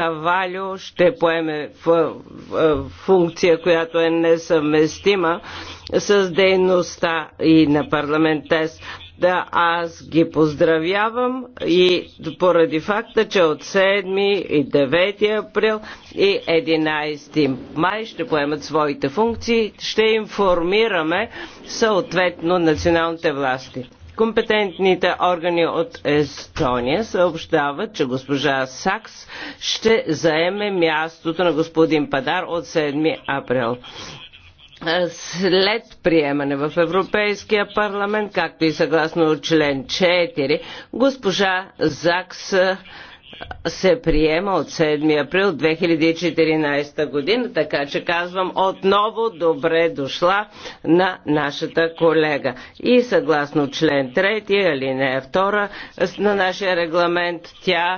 Валю ще поеме функция, която е несъвместима с дейността и на парламентес. Да, аз ги поздравявам и поради факта, че от 7 и 9 април и 11 май ще поемат своите функции, ще информираме съответно националните власти. Компетентните органи от Естония съобщават, че госпожа Сакс ще заеме мястото на господин Падар от 7 април след приемане в Европейския парламент, както и съгласно член 4, госпожа Закс се приема от 7 април 2014 година, така че казвам отново добре дошла на нашата колега. И съгласно член 3, алинея 2 на нашия регламент, тя